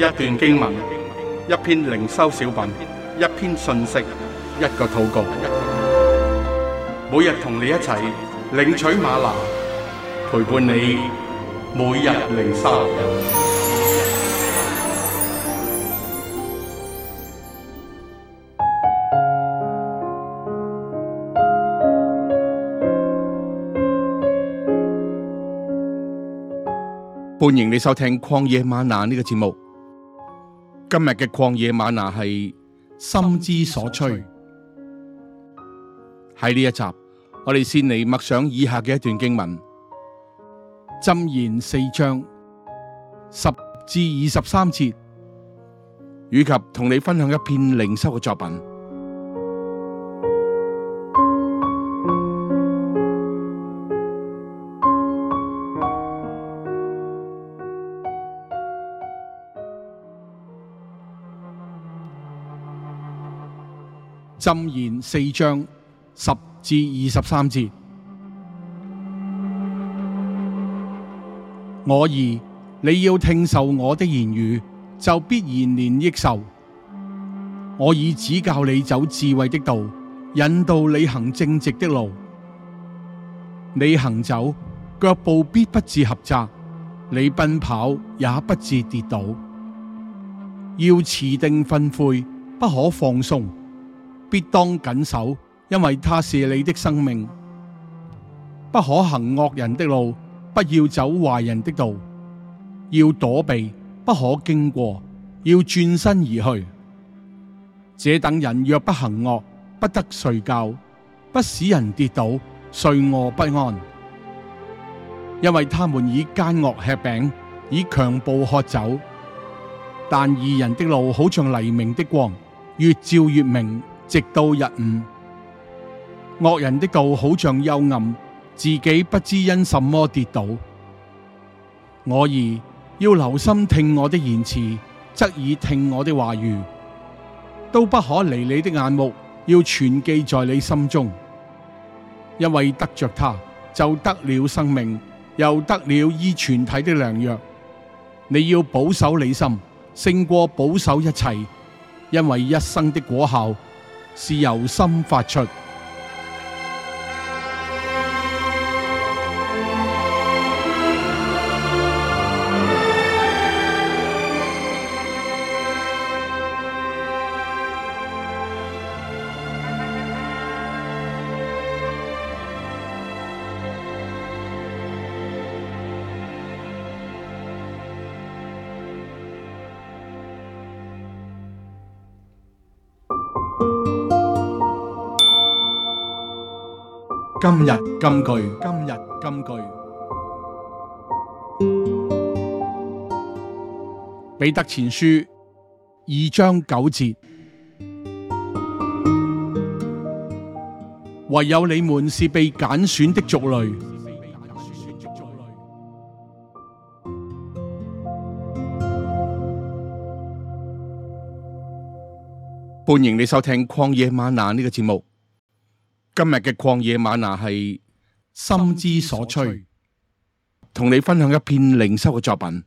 一段經文，一篇靈修小品，一篇信息，一個禱告。每日同你一齊領取嗎哪，陪伴你每日靈修。歡迎你收聽曠野嗎哪呢個節目。今日嘅曠野嗎哪係心之所趨，喺呢一集，我哋先嚟默想以下嘅一段經文，箴言四章十至二十三節，以及同你分享一篇靈修嘅作品。箴言四章十至二十三節：我兒，你要聽受我的言語，就必延年益壽。我已指教你走智慧的道，引導你行正直的路。你行走，腳步必不致狹窄；你奔跑，也不致跌倒。要持定訓誨，不可放鬆。必當謹守，因為他是你的生命。不可行惡人的路，不要走壞人的道，要躲避，不可經過，要轉身而去。這等人若不行惡，不得睡覺，不使人跌倒，睡臥不安，因為他們以奸惡吃餅，以強暴喝酒。但義人的路好像黎明的光，越照越明。直到日午，惡人的道好像幽暗，自己不知因什麼跌倒。我兒要留心聽我的言詞，側耳聽我的話語，都不可離你的眼目，要存記在你心中，因為得着他就得了生命，又得了醫全體的良藥。你要保守你心，勝過保守一切，因為一生的果效。是由心發出。今日金句，今日金句。彼得前書二章九節，唯有你們是被揀選的族類。歡迎你收聽曠野嗎哪呢個節目。今日嘅曠野嗎哪係心之所趨，同你分享一篇靈修嘅作品。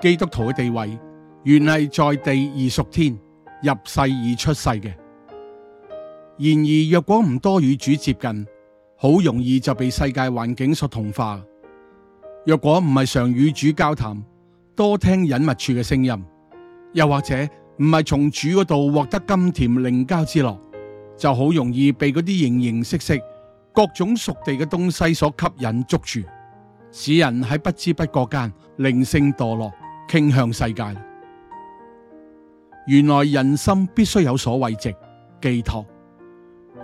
基督徒嘅地位。原係在地而屬天，入世而出世嘅。然而，若果唔多與主接近，好容易就被世界環境所同化。若果唔係常與主交談，多聽隱密處嘅聲音，又或者唔係從主嗰度獲得甘甜靈交之樂，就好容易被嗰啲形形色色各種屬地嘅東西所吸引捉住，使人喺不知不覺間靈性墮落，傾向世界。原來人心必須有所慰藉、寄託。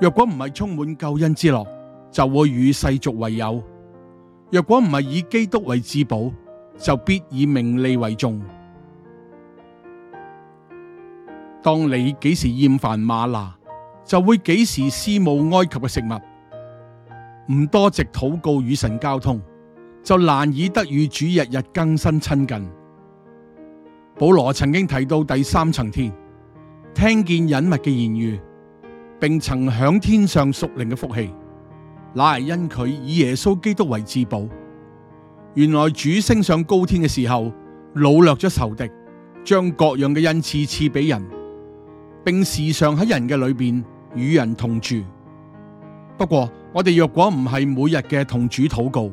若果唔係充滿救恩之樂，就會與世俗為友；若果唔係以基督為至寶，就必以名利為重。當你幾時厭煩嗎哪，就會幾時思慕埃及嘅食物。唔多藉禱告與神交通，就難以得與主日日更新親近。保羅曾經提到第三層天，聽見隱密嘅言語，並曾響天上屬靈嘅福氣，乃係因佢以耶穌基督為至寶。原來主升上高天嘅時候，擄掠咗仇敵，將各樣嘅恩賜賜俾人，並時常喺人嘅裏邊與人同住。不過我哋若果唔係每日嘅同主禱告，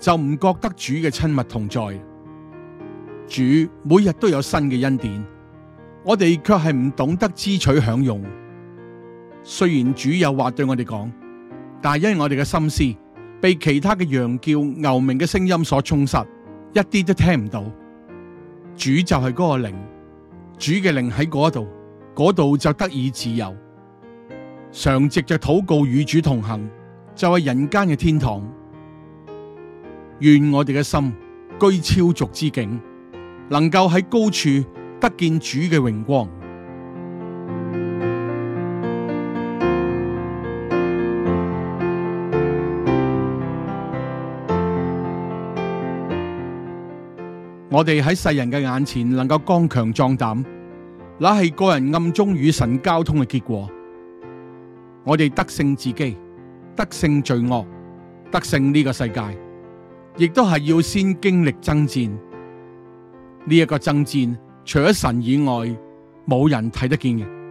就唔覺得主嘅親密同在。主每日都有新嘅恩典，我哋卻係唔懂得支取享用。雖然主有話對我哋講，但係因為我哋嘅心思被其他嘅羊叫牛鳴嘅聲音所充實，一啲都聽唔到。主就係嗰個靈，主嘅靈喺嗰度，嗰度就得以自由。常藉着禱告與主同行，就係人間嘅天堂。願我哋嘅心居超俗之境。能夠喺高處得見主嘅榮光，我哋喺世人嘅眼前能夠剛強壯膽，那係個人暗中與神交通嘅結果。我哋得勝自己，得勝罪惡，得勝呢個世界，亦都係要先經歷爭戰。呢一個爭戰，除咗神以外，冇人睇得見嘅。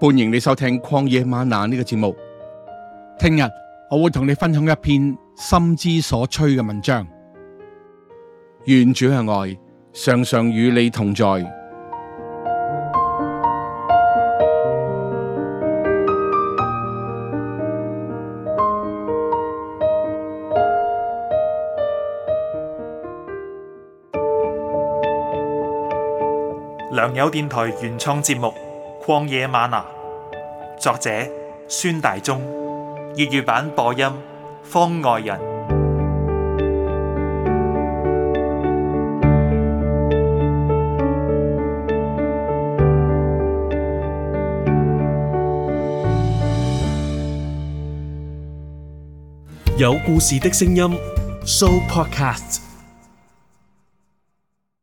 歡迎你收聽曠野嗎哪呢個節目。聽日我會同你分享一篇心之所趨嘅文章。願主嘅愛，常常與你同在。良友電台原創節目。曠野嗎哪，作者孫大中，粵語版播音方外人，有故事的聲音 show podcast。